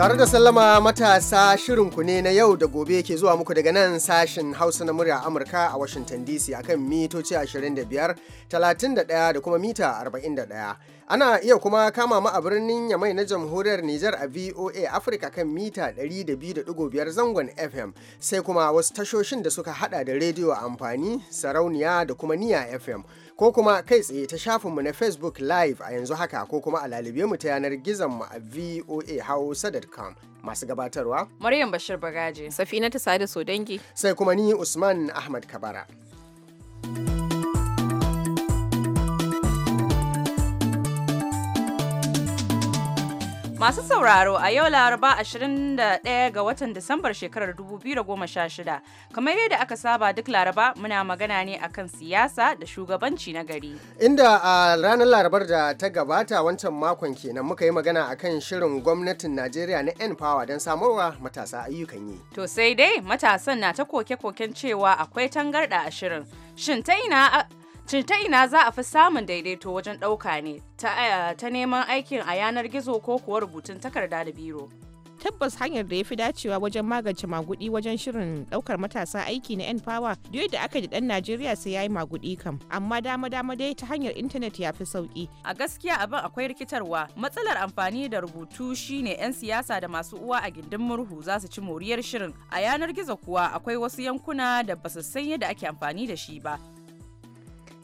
Tare da sallama matasa shirinku ne na yau da gobe ke zuwa muku daga nan sashen Hausa na murya Amurka a Washington DC akan mitoci 25, 31 da kuma mita 41. Ana iya kuma kama mu a birnin Yamai na Jamhuriyar Nijar a VOA Africa kan mita 102.5 zangon FM sai kuma wasu tashoshin da suka hada da rediyo amfani, sarauniya da kuma niya FM. ko kuma kai tsaye ta shafinmu na Facebook Live a yanzu haka ko kuma a lalibi mu ta yanar gizonmu a VOA Hausa.com masu gabatarwa. Maryam Bashir Bagaje, Safina ta sada Sodangi. Sai kuma ni Usman Ahmad Kabara. Masu sauraro a yau Laraba 21 ga watan Disambar shekarar 2016. Kamar yadda aka saba duk Laraba muna magana ne akan siyasa da shugabanci na gari. Inda a ranar Larabar da ta gabata wancan makon kenan muka yi magana akan shirin gwamnatin Najeriya na N-Power don samarwa matasa ayyukan yi. To sai dai matasan na ta koke-koken cewa akwai tangarɗa a shirin. Shin ta ina Shin ta ina za a fi samun daidaito wajen ɗauka ne eh, ta neman aikin a yanar gizo ko kuwa rubutun takarda da biro? tabbas hanyar da ya fi dacewa wajen magance magudi wajen shirin ɗaukar matasa aiki na npower duk da aka ji ɗan najeriya sai ya yi magudi kam amma dama dama dai ta hanyar intanet ya fi sauki a gaskiya abin akwai rikitarwa matsalar amfani da rubutu shine yan siyasa da masu uwa a gindin murhu za su ci moriyar shirin a yanar gizo kuwa akwai wasu yankuna da basu san yadda ake amfani da shi ba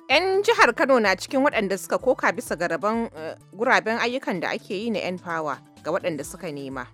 'Yan jihar Kano na cikin waɗanda suka koka bisa ga eh, guraben ayyukan da ake yi na 'yan fawa ga waɗanda suka nema.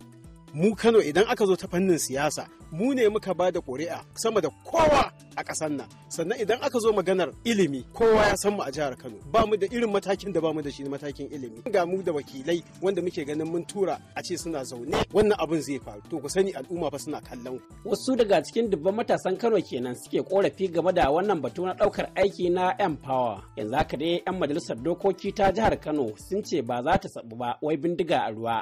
mu Kano idan aka zo ta fannin siyasa mu ne muka ba da ƙuri'a sama da kowa a ƙasar nan sannan idan aka zo maganar ilimi kowa ya san mu a jihar Kano ba mu da irin matakin da ba mu da shi matakin ilimi ga mu da wakilai wanda muke ganin mun tura a ce suna zaune wannan abin zai faru to ku sani al'umma fa suna kallon wasu daga cikin dubban matasan Kano kenan suke korafi game da wannan batu na daukar aiki na Empower yanzu haka dai 'yan majalisar dokoki ta jihar Kano sun ce ba za ta sabu ba wai bindiga a ruwa.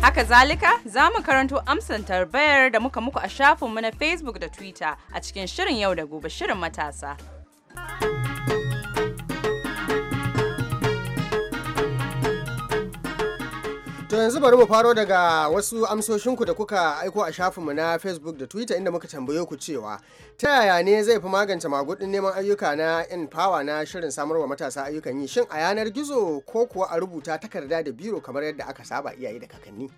Haka zalika za mu karanto amsan tarbayar da muka muku a shafinmu na Facebook da Twitter a cikin shirin yau da gobe shirin matasa. yanzu bari mu faro daga wasu amsoshinku da kuka aiko a shafinmu na Facebook da Twitter inda muka tambaye ku cewa ta yaya ne zai fi magance magudin neman ayyuka na in power na shirin samarwa matasa ayyukan yi shin a yanar gizo ko kuwa a rubuta takarda da biro kamar yadda aka saba iyaye da kakanni.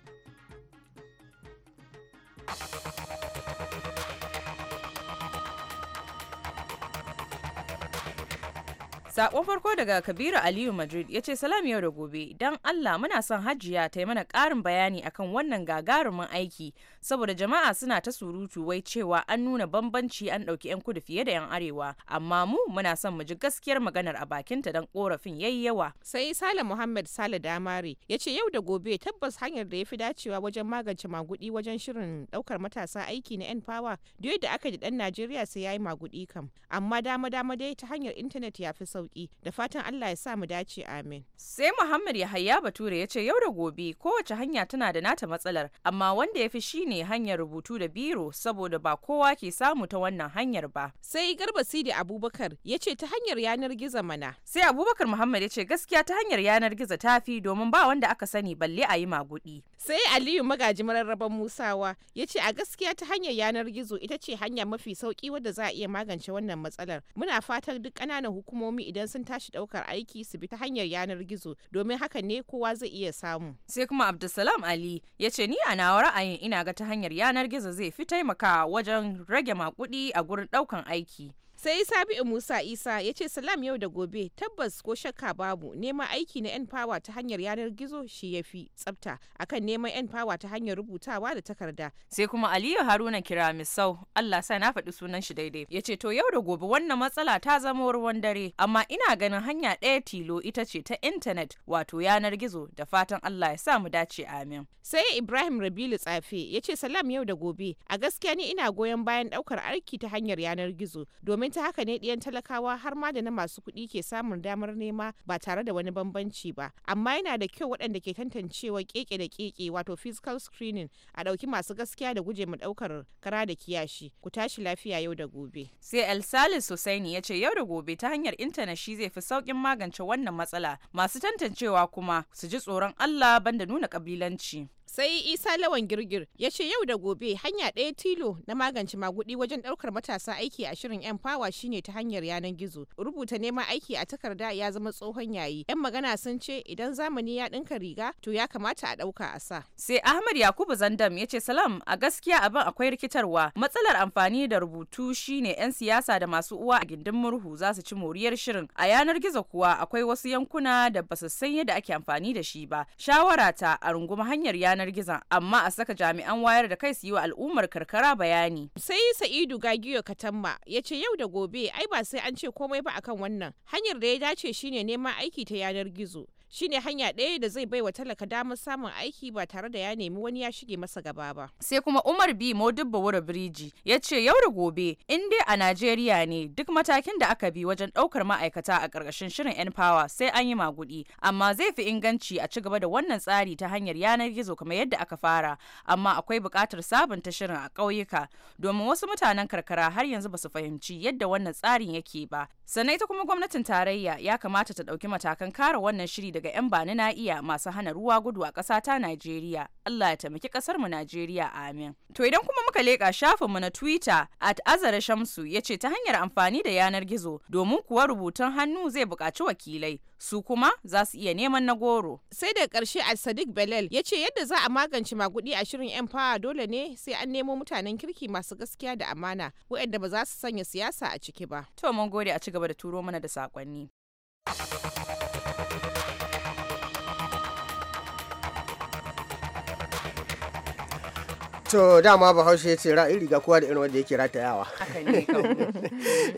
Sakon farko daga Kabiru Aliyu Madrid ya ce salam yau da gobe don Allah muna son hajiya ta yi mana ƙarin bayani akan wannan gagarumin aiki saboda jama'a suna ta surutu wai cewa an nuna bambanci an ɗauki 'yan kudu fiye da 'yan arewa amma mu muna son mu ji gaskiyar maganar a bakinta don korafin yayi yawa. Sai Sale Muhammad Sale damari ya ce yau da gobe tabbas hanyar da ya fi dacewa wajen magance magudi wajen shirin ɗaukar matasa aiki na 'yan fawa da aka ji dan Najeriya sai ya yi magudi kam amma dama dama dai ta hanyar intanet ya fi sau sauki da fatan Allah ya sa mu dace amin. Sai Muhammad Yahaya Bature ya ce yau da gobe kowace hanya tana da nata matsalar amma wanda ya fi shine hanyar rubutu da biro saboda ba kowa ke samu ta wannan hanyar ba. Sai Garba Sidi Abubakar ya ce ta hanyar yanar gizo mana. Sai Abubakar Muhammad ya ce gaskiya ta hanyar yanar gizo ta fi domin ba wanda aka sani balle a yi maguɗi. sai aliyu magaji mararraban musawa ya ce a gaskiya ta hanyar yanar gizo ita ce hanya mafi sauki wadda za a iya magance wannan matsalar muna fatan duk ƙananan hukumomi idan sun tashi ɗaukar aiki su bi ta hanyar yanar gizo domin haka ne kowa zai iya samu sai kuma abdulsalam ali ya ce ni a nawa ra'ayin ina ga ta hanyar yanar gizo zai fi taimakawa wajen rage makudi a gurin ɗaukan aiki sai sabi'u musa isa ya ce salam yau da gobe tabbas ko shakka babu neman aiki na yan fawa ta hanyar yanar gizo shi ya fi tsafta akan neman yan fawa ta hanyar rubutawa da takarda sai kuma aliyu haruna kira misau allah sa na faɗi sunan shi daidai ya ce to yau da gobe wannan matsala ta zama ruwan dare amma ina ganin hanya ɗaya tilo ita ce ta intanet wato yanar gizo da fatan allah ya sa mu dace amin sai ibrahim rabilu tsafe ya ce salam yau da gobe a gaskiya ni ina goyon bayan ɗaukar aiki ta hanyar yanar gizo domin ta haka ne ɗiyan talakawa har ma da na masu kuɗi ke samun damar nema ba tare da wani bambanci ba amma yana da kyau waɗanda ke tantancewa keke da keke wato physical screening a ɗauki masu gaskiya da guje mu ɗaukar kara da kiyashi ku tashi lafiya yau da gobe sai el salis husaini ya ce yau da gobe ta hanyar intanet shi zai fi sauƙin magance wannan matsala masu tantancewa kuma su ji tsoron allah banda nuna ƙabilanci Sai Isa Lawan Girgir ya ce yau da gobe hanya ɗaya tilo na magance magudi wajen ɗaukar matasa aiki a shirin 'yan fawa shine ta hanyar yanar gizo. Rubuta neman aiki a takarda ya zama tsohon yayi. 'Yan magana sun ce idan zamani ya ɗinka riga to ya kamata a ɗauka a sa. Sai Ahmad Yakubu Zandam ya ce salam a gaskiya abin akwai rikitarwa. Matsalar amfani da rubutu shine 'yan siyasa da masu uwa a gindin murhu za su ci moriyar shirin. A yanar gizo kuwa akwai wasu yankuna da basu san yadda ake amfani da shi ba. Shawara ta a runguma hanyar yanar yanar gizon amma a saka jami'an wayar da kai su yi wa al'ummar karkara bayani. Sai Sa'idu Gagiyo Katamba ya ce yau da gobe ai ba sai an ce komai ba akan wannan hanyar da ya dace shine neman aiki ta yanar gizo. shine hanya ɗaya da zai baiwa talaka damar samun aiki ba tare da ya nemi wani ya shige masa gaba ba. Sai kuma Umar B Modibba Wura Biriji ya ce yau da gobe in dai a Najeriya ne duk matakin da aka bi wajen ɗaukar ma'aikata a ƙarƙashin shirin N Power sai an yi maguɗi amma zai fi inganci a ci gaba da wannan tsari ta hanyar yanar gizo kamar yadda aka fara amma akwai buƙatar sabunta shirin a ƙauyuka domin wasu mutanen karkara har yanzu ba su fahimci yadda wannan tsarin yake ba. Sannan ita kuma gwamnatin tarayya ya kamata ta ɗauki matakan kare wannan shiri da daga 'yan bani na iya masu hana ruwa gudu a ƙasa ta Najeriya. Allah ya taimaki ƙasar mu Najeriya amin. To idan kuma muka leƙa shafin mu na Twitter at Azara Shamsu ya ce ta hanyar amfani da yanar gizo domin kuwa rubutun hannu zai buƙaci wakilai su kuma za su iya neman na goro. Sai da ƙarshe a Sadiq Belal ya ce yadda za a magance maguɗi a shirin 'yan fawa dole ne sai an nemo mutanen kirki masu gaskiya da amana waɗanda ba za su sanya siyasa a ciki ba. To mun gode a ci gaba da turo mana da saƙonni. to dama bahaushe ya ce ra'ayi riga kowa da irin wanda yake ratayawa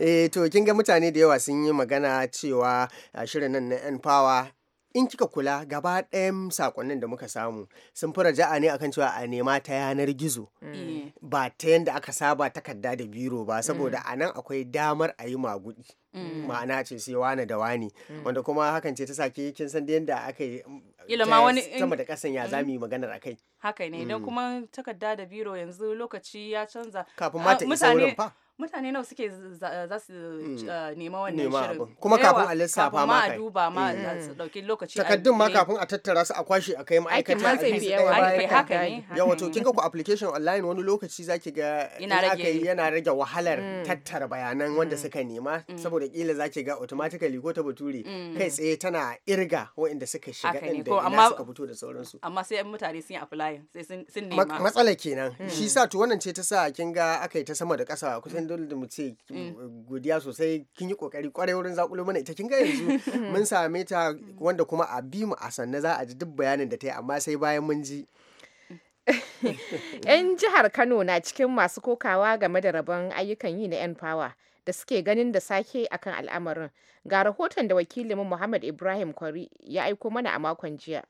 eh to kin ga mutane da yawa sun yi magana cewa shirin nan na N power. in kika kula gaba ɗayan sakonnin da muka samu sun fi raja'a ne akan cewa a nema ta yanar gizo mm. eh. ba ta yadda aka saba takarda da biro ba saboda mm. a nan akwai damar a yi magudi mm. ma'ana ce sai wane da wani wanda kuma hakan ce ta sake kin san yadda aka yi ilima wani sama da kasan ya yi maganar akai haka ne don kuma takarda da biro yanzu lokaci ya canza kafin ma ta isa wurin fa mutane nawa suke za su hmm. eh, nema wannan shirin kuma kafin a lissafa ma kai duba ma eh. su dauki lokaci takaddun ma kafin a tattara su a kwashe a kai ma'aikata a kai ya haka ne yawa to kinga ku application online wani lokaci zaki ga yana rage wahalar hmm. tattara bayanan wanda hmm. suka nema saboda kila zaki ga automatically ko ta bature kai tsaye tana irga waɗanda suka shiga din da ina suka fito da sauransu amma sai mutane sun yi apply sai sun nema matsala kenan shi sa to wannan ce ta sa kinga aka yi ta sama da ƙasa kusan dole da mu ce mm. godiya sosai kin yi kokari kwarai wurin zakulo mana ita kin ga yanzu mm. mun same ta mm. wanda kuma a bi mu a sanna za a ji duk bayanin da ta yi amma sai bayan mun ji 'yan jihar kano na cikin masu kokawa game da rabon ayyukan yi na 'yan fawa da suke ganin da sake akan al'amarin ga rahoton da wakilin muhammad ibrahim kwari ya aiko mana a makon jiya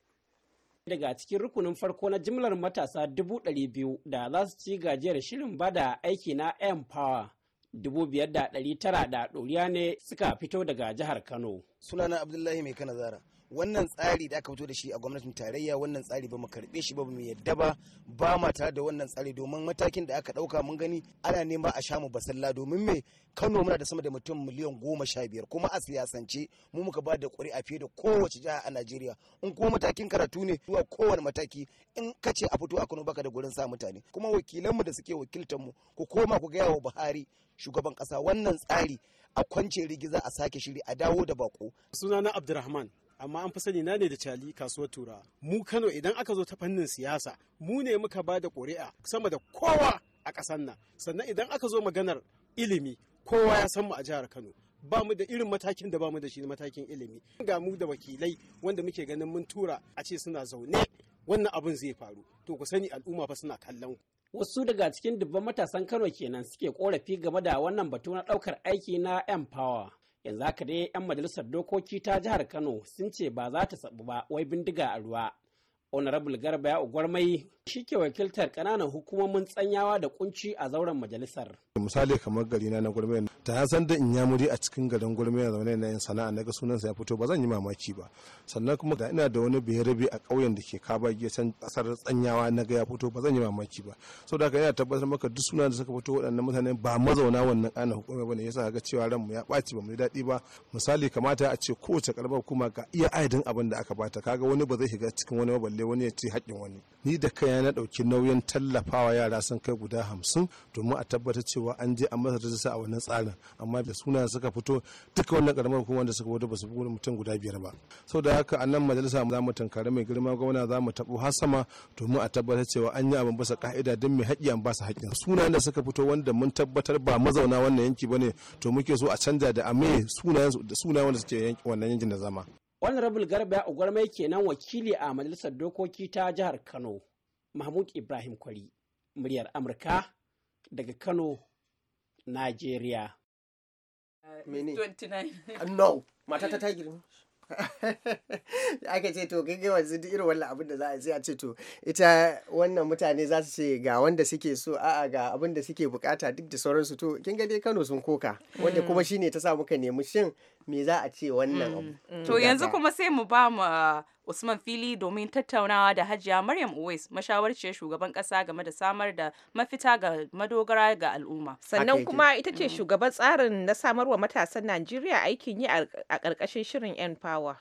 daga cikin rukunin farko na jimlar matasa dubu biyu da za su ci gajiyar shirin bada aiki na empower dubu biyar da ɗari tara da ɗoriya ne suka fito daga jihar kano sunana abdullahi mai kana zara wannan tsari da aka fito da shi a gwamnatin tarayya wannan tsari ba mu karbe shi ba mu yadda ba ba ma tare da wannan tsari domin matakin da aka dauka mun gani ana nema a shamu basalla domin me Kano muna da sama da mutum miliyan goma sha biyar kuma a siyasance mu muka ba da a fiye da kowace jiha a Najeriya in kuma matakin karatu ne zuwa kowane mataki in ka ce a fito a Kano baka da gurin sa mutane kuma wakilanmu da suke wakiltar mu ku koma ku gaya wa Buhari shugaban kasa wannan tsari a kwance rigiza a sake shiri a dawo da bako sunana Abdulrahman amma an fi sani na ne da cali kasuwar turawa mu kano idan aka zo ta fannin siyasa mu ne muka ba da ƙuri'a sama da kowa a ƙasar nan sannan idan aka zo maganar ilimi kowa ya san mu a jihar kano ba mu da irin matakin da ba mu da shi matakin ilimi ga mu da wakilai wanda muke ganin mun tura a ce suna zaune wannan abun zai faru to ku sani al'umma fa suna kallon wasu daga cikin dubban matasan kano kenan suke korafi game da wannan batu na daukar aiki na empower yanzu haka dai 'yan majalisar dokoki ta jihar kano sun ce ba za ta sabu ba wai bindiga a ruwa honorable garba ya ugwarmai shi ke wakiltar kananan hukumomin tsanyawa da kunci a zauren majalisar misali kamar gari na gwarmai ta san da in muri a cikin garin gwarmai na zaune na yin sana'a na ga sunansa ya fito ba zan yi mamaki ba sannan kuma da ina da wani berabe a ƙauyen da ke kaba can kasar tsanyawa na ga ya fito ba zan yi mamaki ba sau da ina tabbatar maka duk sunan da suka fito waɗannan mutane ba mazauna wannan ana hukumai ba ne yasa ga cewa ranmu ya ɓaci ba mu yi daɗi ba misali kamata a ce kowace ƙarfar kuma ga iya adadin abin da aka bata kaga wani ba zai shiga cikin wani balle wani ya ce haƙƙin wani ni da kaya na ɗauki nauyin tallafawa yara sun kai guda hamsin domin a tabbatar cewa an je an masa rajista a wannan tsarin amma da suna suka fito duka wannan karamar hukumar da suka wadda ba su gudu mutum guda biyar ba sau da haka a nan majalisa za mu tankari mai girma gwamna za mu taɓo har sama domin a tabbatar cewa an yi abin basa ka'ida don mai haƙƙi an basa haƙƙin sunayen da suka fito wanda mun tabbatar ba mazauna wannan yanki ba ne to muke so a canja da ame sunayen wanda suke wannan yankin da zama honorable garba ugwarmai kenan wakili a majalisar dokoki ta jihar kano mahmud ibrahim kwari muryar amurka daga kano nigeria uh, Mene? Uh, no, ta girma. Aka ce to kai wanzu duk irin wannan abin da za a sai a ce to ita wannan mutane za su ce ga wanda suke so a'a ga abin da suke bukata duk da sauransu to kin ga Kano sun koka wanda mm. kuma shine ta sa muka nemi shin me za a ce wannan mm, mm. To yanzu kuma sai mu ba mu Usman Fili domin tattaunawa da Hajiya Maryam Uwais mashawarciyar shugaban kasa game da samar da mafita ga madogara ga al'umma. Sannan kuma ita ce mm. shugaban tsarin na samarwa matasan Najeriya aikin yi a ƙarƙashin shirin 'yan Power.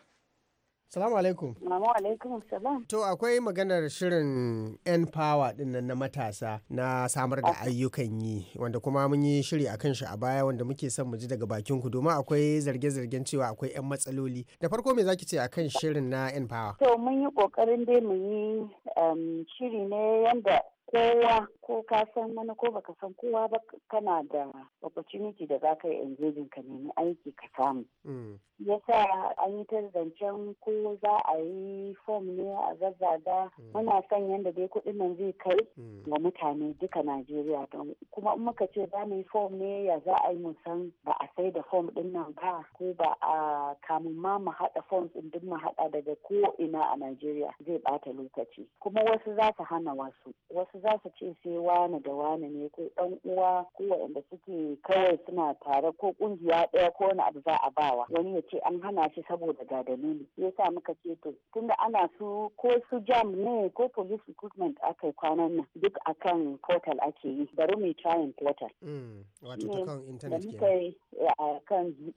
Salamu alaikum. Salamu alaikum salam. To akwai maganar shirin n power din nan na matasa na samar da ayyukan yi wanda kuma mun yi shiri akan shi a baya wanda muke son mu ji daga bakin ku domin akwai zarge-zargen cewa akwai 'yan matsaloli. Da farko me zaki ce akan shirin na n power? To mun yi kokarin dai mu yi shiri ne yanda kowa ko ka san mana ko baka san kowa ba kana da opportunity da zaka yi engaging ka nemi aiki ka samu. Mm. Yasa an yi ta zancen ko za a yi form ne a zazzaga mm. muna son yadda dai kuɗin nan zai kai mm. ga mutane duka Najeriya don kuma in muka ce za mu yi form ne ya za a yi musan san ba a sai da form ɗinnan nan ba ko ba a kamun ma mu haɗa form ɗin duk mu haɗa daga ko ina a Najeriya zai ɓata lokaci kuma wasu za su hana wasu wasu za su ce sai aure wane da wane ne ko ɗan uwa ko waɗanda suke kawai suna tare ko ƙungiya ɗaya ko wani abu za a bawa wani ya ce an hana shi saboda ga dalili sa muka ce to tunda ana su ko su jam ne ko police recruitment aka yi kwanan nan duk akan portal ake yi bari mu trying portal. Mm, wato ta kan internet eh,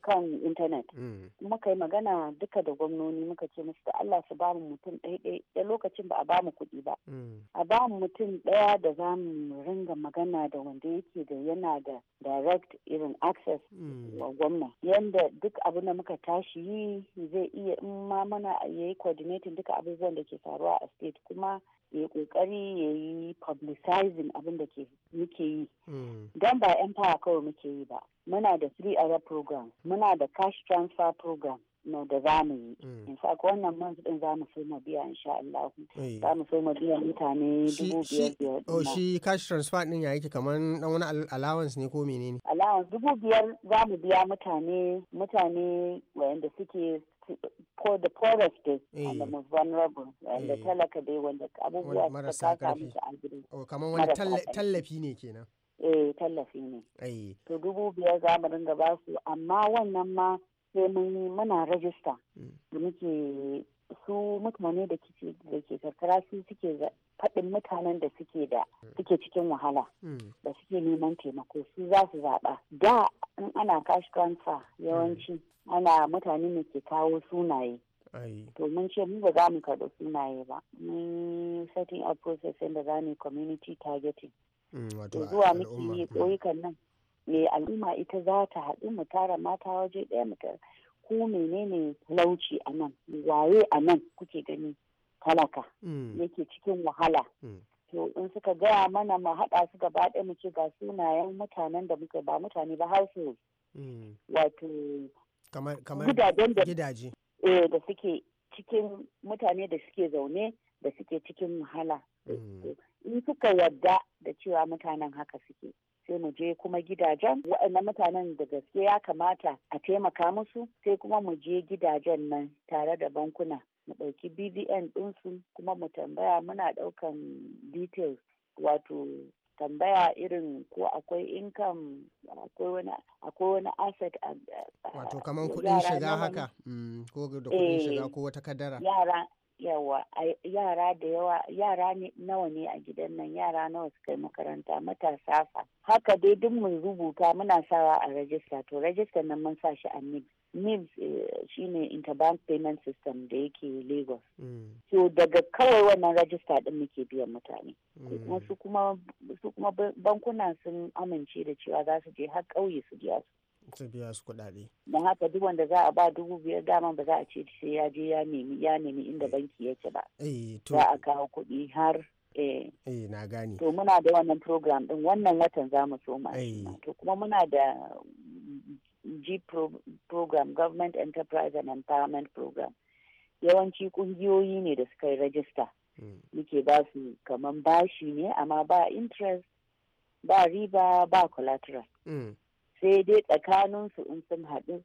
kan intanet. Mm. muka yi magana duka da gwamnoni muka ce musu da Allah su bamu mutum ɗaya ɗaya lokacin ba a bamu kuɗi ba. Mm. a bamu mutum ɗaya da zamu mu ringa magana da wanda yake da yana da direct irin access hmm. wa gwamna Yadda duk abu da muka tashi yi zai iya in ma mana ya yi coordinating duka abubuwan da ke faruwa a state kuma ya yi kokari ya yi publicizing abin da muke yi hmm. don ba yan kawai muke yi ba muna da three other programs. muna da cash transfer program no da za mu yi mm. in ko wannan month din za mu so mu biya insha Allah za mu so mu biya mutane dubu biyar biyar oh shi cash transfer din ya yake kamar dan wani allowance ne ko menene allowance dubu biyar za mu biya mutane mutane wayanda suke for the poorest is and the most vulnerable and the talaka dai wanda abubuwa marasa oh kamar wani tallafi ne kenan eh tallafi ne to dubu biyar za mu dinga ba su amma wannan ma sai mun muna rajista mm. da muke su mutane da ke karkara su suke faɗin mutanen da suke da mm. suke cikin wahala mm. da suke neman taimako su za su zaɓa da in ana cash transfer yawanci ana mutane ne ke kawo sunaye to mun ce mu ba za mu karɓi sunaye ba mun setting up process da za community targeting to zuwa muke ƙauyukan nan me al'umma ita za ta haɗu mu tara mata waje ɗaya mu tara ku menene lauci a nan waye a nan kuke gani talaka mm. yake cikin wahala mm. to in suka gaya mana mu haɗa su gaba ɗaya mu ce ga sunayen mutanen da muke ba mutane ba hausu mm. wato gidajen da gidaje eh da suke cikin mutane da suke zaune da suke cikin wahala in suka yadda da cewa mutanen haka suke sai mu je kuma gidajen waɗannan mutanen da gaske ya kamata a taimaka musu sai kuma mu je gidajen nan tare da bankuna mu ɗauki bvn ɗinsu kuma mu tambaya muna ɗaukan details wato tambaya irin ko akwai income akwai wani akwai wani asset wato kaman kuɗin shiga haka mm, ko da kuɗin eh, shiga ko wata kadara yara yawa yara da yawa yara nawa ne a gidan nan yara nawa suka yi makaranta matasa fa haka dai duk mun rubuta muna sawa a rajista to rajistar nan mun sa shi a nibs nibs eh, shine interbank payment system da yake lagos to mm. daga kawai wannan rajista din muke biyan mutane mm. kuma su kuma bankuna sun amince da cewa za su je har ƙauye su biya su su biya su kuɗaɗe. Don haka duk wanda za a ba dubu biyar dama ba za a ce sai ya je ya nemi ya nemi inda eh. banki yake ba. Eh, za a kawo kuɗi har eh. eh na gane. To muna da wannan program din wannan watan za mu so ma. To kuma muna da G program Government Enterprise and Empowerment Program. Yawanci kungiyoyi ne da suka yi rajista. Hmm. Muke ba su kaman bashi ne amma ba interest ba riba ba collateral. Hmm. sai dai tsakaninsu in sun haɗu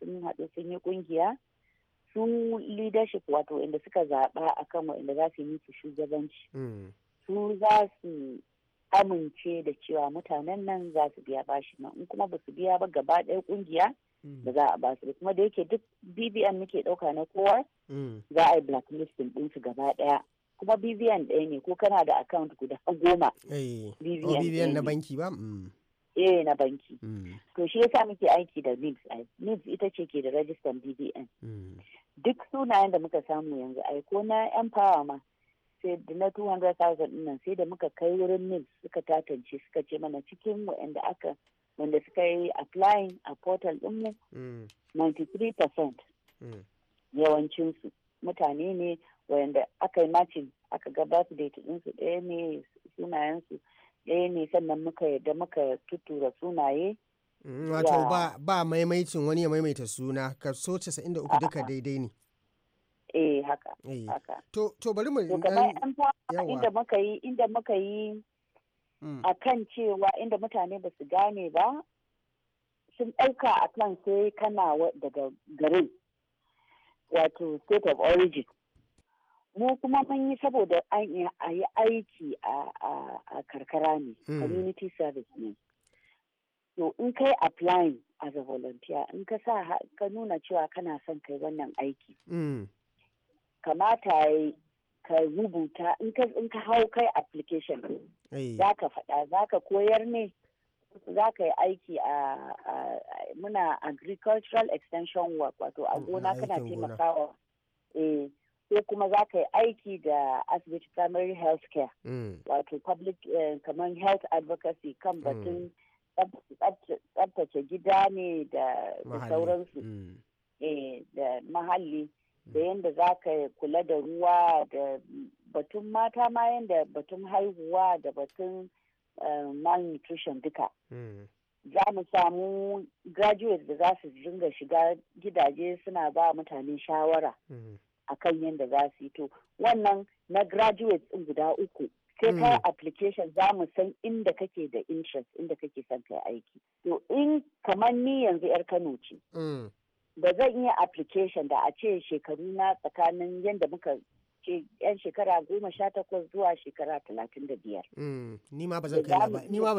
sun haɗu sun yi ƙungiya su leadership wato inda suka zaɓa akan waɗanda za su yi musu shugabanci hmm. su za su amince da cewa mutanen nan za su biya bashi nan in kuma ba su biya ba gaba ɗaya ƙungiya da hmm. za a ba su kuma da yake duk bbn muke ɗauka na kowa hmm. za a yi blacklisting ɗinsu gaba ɗaya kuma bbn ɗaya ne ko kana da account guda goma eh. oh, bbn na banki ba eh na banki mm. to shi yasa muke aiki da NIBS NIBS ita ce ke da rajistan BBN mm. duk sunayen da muka samu yanzu ai ko na empower ma sai da na 200,000 nan sai da muka kai wurin NIBS suka tatance suka ce mana cikin wanda aka wanda suka yi applying a portal ɗinmu 93% mm. yawancinsu mutane ne wayanda aka yi matching aka ga date ɗinsu ɗaya ne sunayensu ɗaya ne sannan muka yadda muka tuttura sunaye mm, wato ba ba maimaicin wani ya maimaita suna kaso 93 duka daidai ne eh haka eh. haka to bari mu inda muka yi inda muka yi mm. kan cewa inda mutane ba su gane ba sun ɗauka a kan sai kana daga garin wato state of origin mu kuma mun yi saboda a yi aiki a karkara ne hmm. community service ne to in kai applying as a volunteer in ka sa ka nuna cewa kana son kai wannan aiki hmm. kamata ya ka rubuta in ka hau kai application eh. za ka faɗa za ka koyar ne za ka yi aiki a muna agricultural extension work wato a hmm, gona kana taimakawa eh, sai kuma za ka yi aiki da asibiti primary health care mm. wato public eh, kamar health advocacy kan mm. batun tsabtace gida ne da sauransu mm. eh, da mahalli da yadda za ka kula da ruwa da batun mata ma yadda batun haihuwa da batun eh, malnutrition duka za mu samu graduates da za su dinga shiga gidaje suna ba mutane shawara akan yadda za su yi to wannan na graduates ɗin guda uku sai ka mm. application za mu san inda kake da interest inda kake son kai aiki to in kamar ni yanzu yar kano ce mm. ba zan iya application da a ce shekaru na tsakanin yadda muka yan shekara goma sha takwas zuwa shekara talatin da biyar. Mm, ni ma ba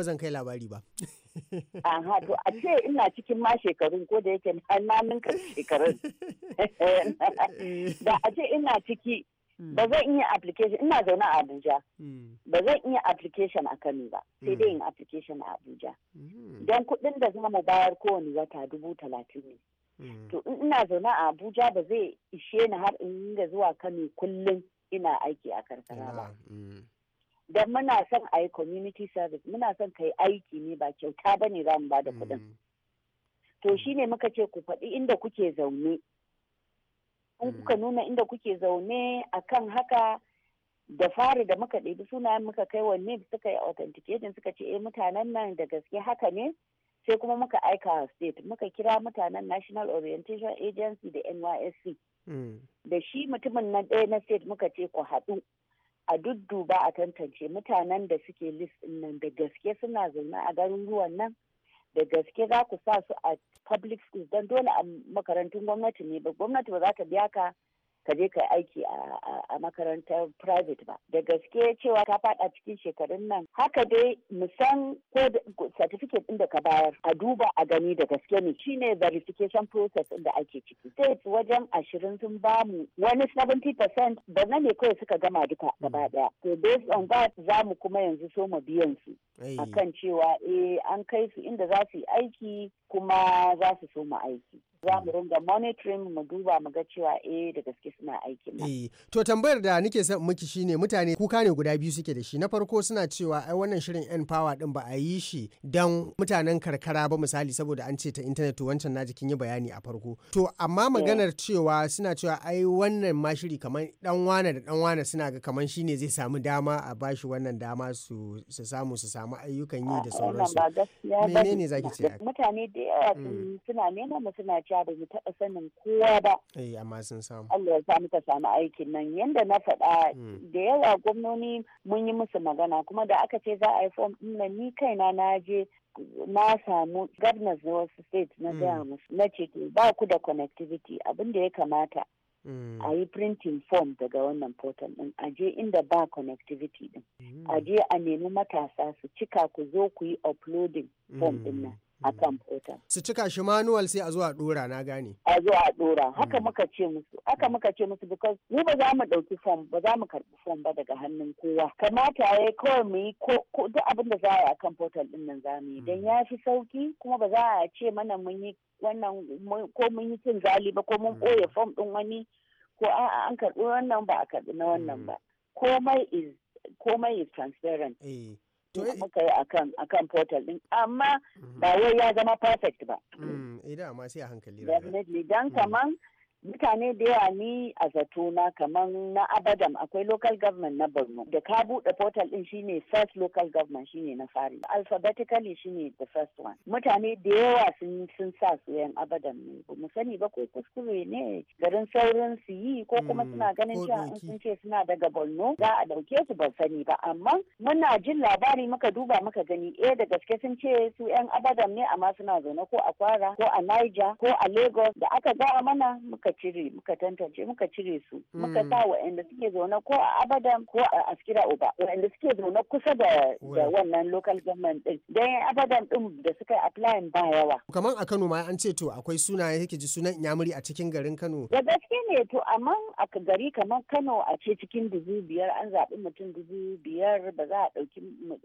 zan kai labari ba. Aha, to a ce ina cikin ma shekarun ko da yake na ninka shekarun. Da a ce ina ciki mm. ba zan iya application ina zaune a Abuja. Mm. Ba zan iya application a Kano ba, sai dai in application a Abuja. Don kuɗin da za mu bayar kowane wata dubu talatin ne. Mm. to ina zaune a abuja ba zai ishe ni har in ga zuwa kano kullum ina aiki a karkara ba mm. dan muna son a yi community service muna son ka yi aiki ne ba kyauta ba ne za mu ba da kuɗin mm. to shine muka ce ku faɗi inda kuke zaune in kuka nuna inda kuke zaune akan haka da fari da muka ɗebi sunayen muka kai wanne suka yi authentication suka ce eh mutanen nan da gaske haka ne sai kuma muka aika state muka kira mutanen national orientation agency da nysc mm. da shi mutumin nan ɗaya na state muka ce ku haɗu a dudduba a tantance mutanen da suke list nan da gaske suna zaune a garin ruwan nan da gaske za ku sa su a public schools don dole a makarantun gwamnati ne ba gwamnati ba za ta biya ka ka je ka aiki a makarantar private ba da gaske cewa ta fada cikin shekarun nan haka dai mu san ko certificate din da ka bayar a duba a gani da gaske ne shine verification process din da ake ciki State wajen ashirin sun bamu wani 70% ba ne kawai suka gama duka hmm. gaba daya to based on that za mu kuma yanzu so mu biyan su akan cewa eh an kai su inda za su yi aiki kuma za su so mu aiki za mu ringa monitoring mu duba mu ga cewa eh da gaske suna aikin eh to tambayar da nake son miki shine mutane kuka ne guda biyu suke da shi na farko suna cewa ai wannan shirin n power din ba a yi shi dan mutanen karkara ba misali saboda an ce ta internet to wancan na kin yi bayani a farko to amma eh. maganar cewa suna cewa ai wannan ma shiri kamar dan wane da dan wane suna ga kamar shine zai samu dama a bashi wannan dama su su samu su samu ayyukan yi da sauransu menene zaki ce mutane da yawa mm. suna nema mu suna gaskiya ba mu taɓa sanin kowa ba. Eh amma sun samu. Allah ya sa muka samu aikin nan yanda na faɗa hmm. da yawa gwamnoni mun yi musu magana kuma da aka ce za a yi fom ɗin nan ni kaina na je na samu governors na wasu state na gaya hmm. musu na ce ba ku da connectivity abin da ya kamata hmm. a yi printing form daga wannan portal din a je inda ba connectivity ɗin a je a nemi matasa su cika ku zo ku yi uploading form ɗin nan a kan fota. Su cika shi manual sai a zuwa dora na gane. A zuwa dora haka mm. muka ce musu haka muka ce musu because mu ba za mu ɗauki fom ba za mu karbi fom ba daga hannun kowa. Kamata yayi kawai mu yi ko duk abin da za a yi a kan portal din nan za mu yi dan mm. ya fi sauki kuma ba za a ce mana mun yi wannan ko mun yi cin zali ba ko mun mm. ɓoye fom ɗin wani ko a'a an karɓi wannan ba a karɓi na wannan ba. Komai is komai is transparent. Eh. muka yi akan akan portal din amma mhm. ba wai ya zama perfect ba mm, eh da amma sai a hankali definitely dan mm. kaman mutane da yawa ni a zatona kamar na abadam akwai local government na borno da ka buɗe portal ɗin shine first local government shine na fari alphabetically shine the first one mutane da yawa sun sa su yan abadam ne ba mu sani ba ko kuskure ne garin saurin su yi ko kuma suna hmm, ganin cewa in sun ce suna daga borno za a ɗauke su ban sani ba amma muna jin labari muka duba muka gani eh da gaske sun ce su yan abadam ne amma suna zaune ko a kwara ko a niger ko a lagos da aka gaya mana muka muka cire muka tantance muka cire su muka hmm. sa waɗanda suke zaune ko a abadan ko a askira uba waɗanda suke zaune kusa da wannan local government din dan abadan din da suka apply ba yawa kaman a Kano ma an ce to akwai sunaye kake ji sunan Inyamuri a cikin garin Kano da gaske ne to amma a gari kaman Kano a ce cikin dubu biyar an zaɓi mutum dubu biyar ba za a ɗauki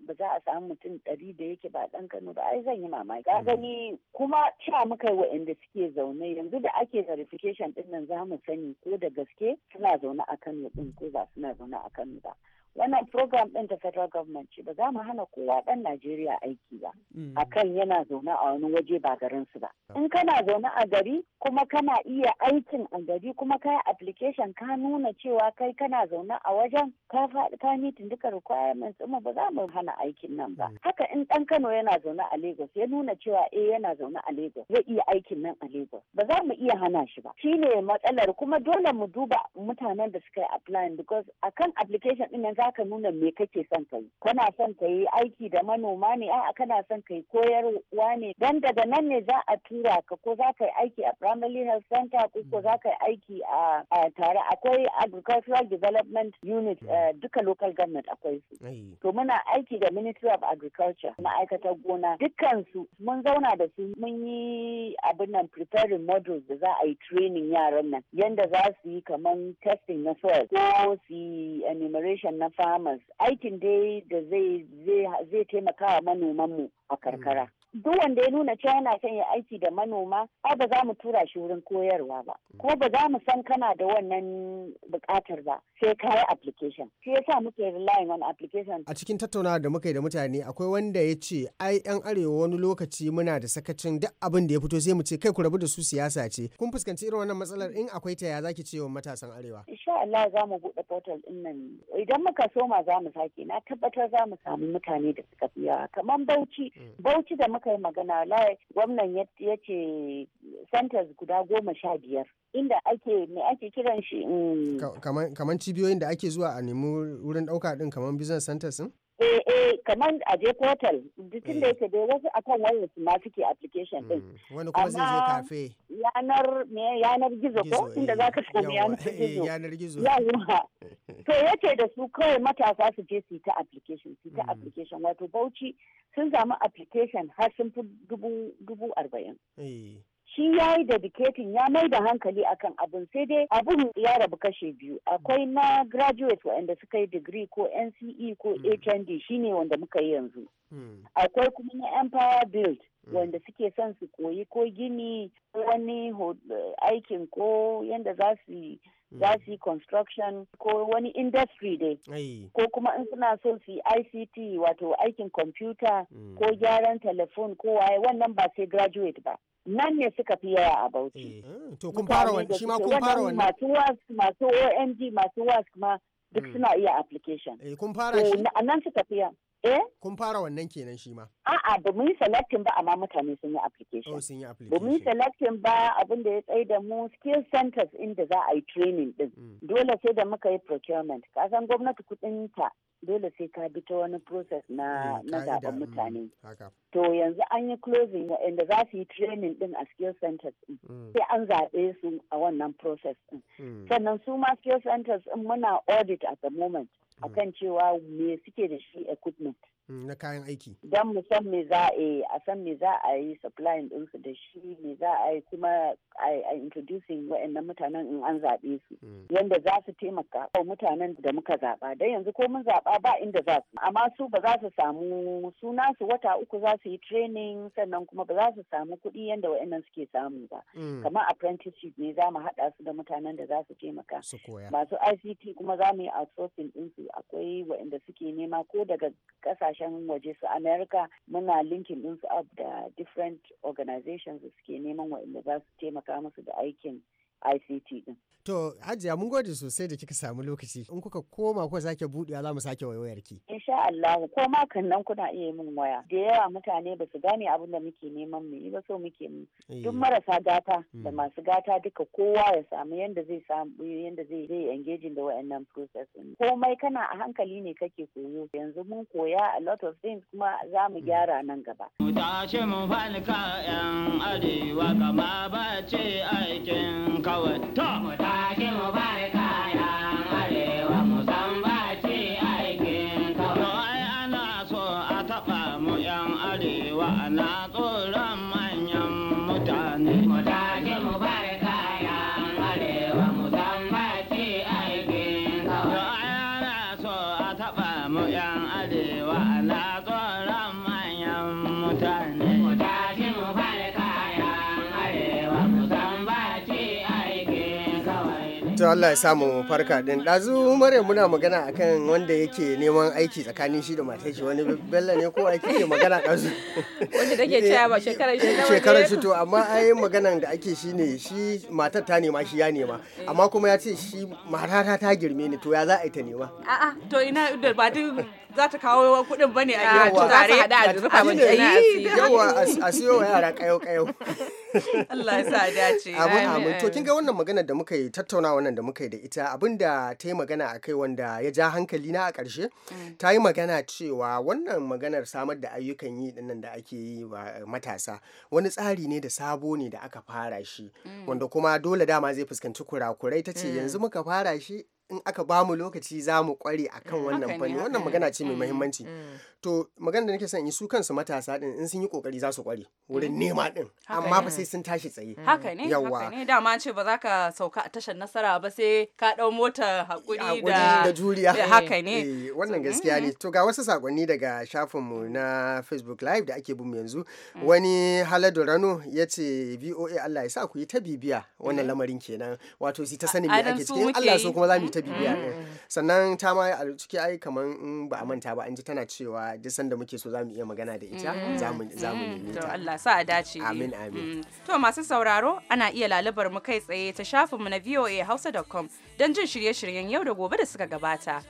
ba za a samu mutum ɗari da yake ba ɗan Kano ba ai zan yi mamaki ka hmm. gani kuma cewa muka yi waɗanda suke zaune yanzu da ake verification din nan za mu sani ko da gaske suna zaune a Kano ɗin ko ba suna zaune a Kano ba. wannan program ɗin da federal government ce ba za mu hana kowa ɗan Najeriya aiki ba mm. akan yana zaune a wani waje ba garin su ba ah. in kana zaune a gari kuma kana iya aikin a gari kuma kai application ka nuna cewa kai kana zaune a wajen ka faɗi ka ni duka requirements mu ba za mu hana aikin nan ba mm. haka in ɗan Kano yana zaune a Lagos ya nuna cewa eh yana zaune a Lagos zai iya aikin nan a Lagos ba za mu iya hana shi ba shine matsalar kuma dole mu duba mutanen da suka yi applying because akan application ɗin nan zaka nuna me kake son ka yi kana son ka yi aiki da manoma ne a'a kana son ka yi koyarwa ne dan daga nan ne za a tura ka ko za ka yi aiki a primary health center ko ko za ka yi aiki a tare akwai agricultural development unit mm. eh, duka local government akwai su to muna aiki da ministry of agriculture ma'aikatar gona dukkan su mun zauna da su mun yi abin nan preparing modules da za a yi training yaran nan yanda za su yi kaman testing na soil ko su yi enumeration na farmers aikin dai da zai taimaka wa manomanmu a karkara. duk wanda ya nuna cewa yana son ya aiki da manoma ko ba za mu tura shi wurin koyarwa ba ko ba za mu san kana da wannan bukatar ba sai ka yi application shi yasa muke relying on application a cikin tattaunawa da muka yi da mutane akwai wanda ya ce ai yan arewa wani lokaci muna da sakacin duk abin da ya fito sai mu ce kai ku rabu da su siyasa ce kun fuskanci irin wannan matsalar in akwai ta ya zaki ce wa matasan arewa insha Allah za mu buɗe portal din nan idan muka soma za mu sake na tabbatar za mu samu mutane da suka fi kamar Bauchi mm. Bauchi da muka muka yi magana lai gwamnan ya ce centers guda goma sha biyar inda ake me ake kiran shi mm, kaman cibiyoyin da ake zuwa a nemi wurin ɗauka ɗin kaman business centers eh eh kamar a je portal tun da mm. yake dai wasu akan wayar su ma suke application din mm. wani kuma zai je kafe yanar me yanar gizo ko inda eh. zaka samu yanar eh, gizo yanar gizo yawa to yace da su kawai matasa su je su ta application su ta mm. application wato Bauchi sun samu application har sun fi dubu dubu arba'in eh. shi ya yi dedicating ya mai da hankali akan abin sai dai abun ya rabu kashe biyu akwai na graduate waɗanda suka yi degree ko nce ko hnd hmm. shine wanda muka yi yanzu hmm. akwai kuma na empire build hmm. wanda suke son su koyi ko gini ko wani aikin ko yadda za su yi za su yi construction ko wani industry dai ko kuma in suna so su yi ict wato aikin computer ko gyaran telefon ko waye wannan ba sai graduate ba nan ne suka fi yawa a Bauchi. Eh. Mm, to kun fara wani shi ma kun fara wani. Masu WASC masu OMG masu WASC ma duk mm. suna iya application. Eh kun fara shi. nan suka fi yawa. Eh? Kun fara wannan kenan shi ma? A'a ba mu yi ba amma mutane sun yi application. Oh, yi application. Ba mu ba abin ya tsaye da mu skill centers inda za a yi training din. Mm. Dole sai da muka yi procurement. kasan gwamnati gwamnati ta dole sai ka bi ta wani process na mm, na mm, mutane. To yanzu an yi closing inda za su yi training din a skill centers Sai an zaɓe su a wannan process din. Sannan su ma skill centers din muna audit at the moment. Mm. akan cewa me suke da shi equipment mm, na kayan aiki don mu san me za a yi a san me za a yi din ɗinsu da shi me za a yi kuma a introducing wa'annan mutanen in an zaɓe su mm. Yanda za su taimaka wa mutanen da muka zaɓa don yanzu ko mun zaɓa ba inda za su amma su ba za su samu suna su wata uku za su yi training sannan kuma ba za su samu kuɗi yanda wa'annan suke samu ba kamar apprenticeship ne za mu haɗa su da mutanen da za su taimaka masu ICT kuma za mu yi outsourcing ɗinsu akwai waɗanda suke nema ko daga kasashen waje su america muna linkin ɗin su up da different organizations da suke neman waɗanda za su taimaka musu da aikin ict din To, Hajiya mun gode sosai da kika samu lokaci. In kuka koma ko sake buɗewa za mu sake wayoyar ki. Insha Allah, ko ma nan kuna iya mun waya. Da yawa mutane ba su gane abin da muke neman mu yi ba so muke mu. Eh. Duk marasa gata hmm. da masu gata duka kowa ya samu yanda zai samu yanda zai zai engaging da wayannan process din. Komai kana a hankali ne kake koyo. Yanzu mun koya a lot of things kuma za mu hmm. gyara nan gaba. Mu tashi mu falka 'yan arewa kama ba ce aikin kawai. na tsoro. to Allah ya samu farka din ɗazu mare muna magana akan wanda yake neman aiki tsakanin shi da matar shi wani bella ne ko aiki ke magana ɗazu wanda take cewa ba shekarar shi shekarar shi to amma ai maganan da ake shi ne shi matar ta nema shi ya nema amma kuma ya ce shi marata ta girme ni to ya za a yi ta nema a'a to ina da ba za ta kawo kuɗin bane a gida to za a rufa mun yawa a siyo yara kayo kayo Allah ya sa dace. Abin amin. To kin ga wannan magana da muka yi tattauna wannan da muka yi da ita abin da ta yi magana a kai wanda ya ja hankali na a ƙarshe mm. ta yi magana cewa wannan maganar samar da ayyukan yi nan da ake yi wa eh, matasa wani tsari ne da sabo ne da aka fara shi mm. wanda kuma dole dama zai fuskanci kurakurai ta ce mm. yanzu muka fara shi in aka ba mu lokaci za mu kware a kan mm, wannan fanni wannan magana ce mai mahimmanci mm, mm. to magana da nake son yi su kansu matasa din in sun yi kokari za su kware wurin nema din amma ba sai sun tashi tsaye haka ne haka dama ce ba za ka sauka a tashar nasara ba sai ka dau mota hakuri da juriya haka ne eh, wannan mm-hmm. gaskiya ne to ga wasu sakonni daga shafin mu na Facebook live da ake bin yanzu wani Haladu Rano ya ce VOA Allah ya sa ku yi ta bibiya wannan lamarin kenan wato su ta sanin me ake cikin Allah so kuma za mu ta mm. bibiya sannan ta ma a ciki ai kamar in ba a mm. manta ba an ji tana cewa duk sanda muke so zamu iya magana da ita mm. zamu mu nemi to Allah sa a dace amin amin to masu sauraro ana iya lalubar mu kai tsaye ta shafin mu na voahausa.com don jin shirye-shiryen yau da gobe da suka gabata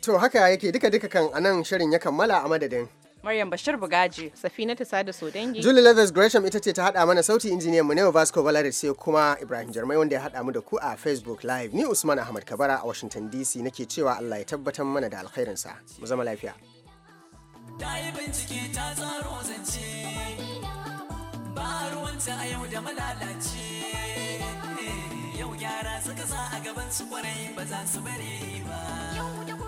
to haka yake duka duka kan anan shirin ya kammala a madadin Maryam Bashir Bugaji. Safina ta sada so dangi. Julie levis Gresham ita ce ta haɗa mana sauti injiniyan mu Neo Vasco Valeris sai kuma Ibrahim Jarmai wanda ya haɗa mu da ku a Facebook Live. Ni Usman Ahmad Kabara a Washington DC nake cewa Allah ya tabbatar mana da alkhairinsa. Mu zama lafiya. tayi bincike ta tsaro zance ba ruwanta a yau da malalace yau gyara suka sa a gaban su kwarai ba za su bari ba.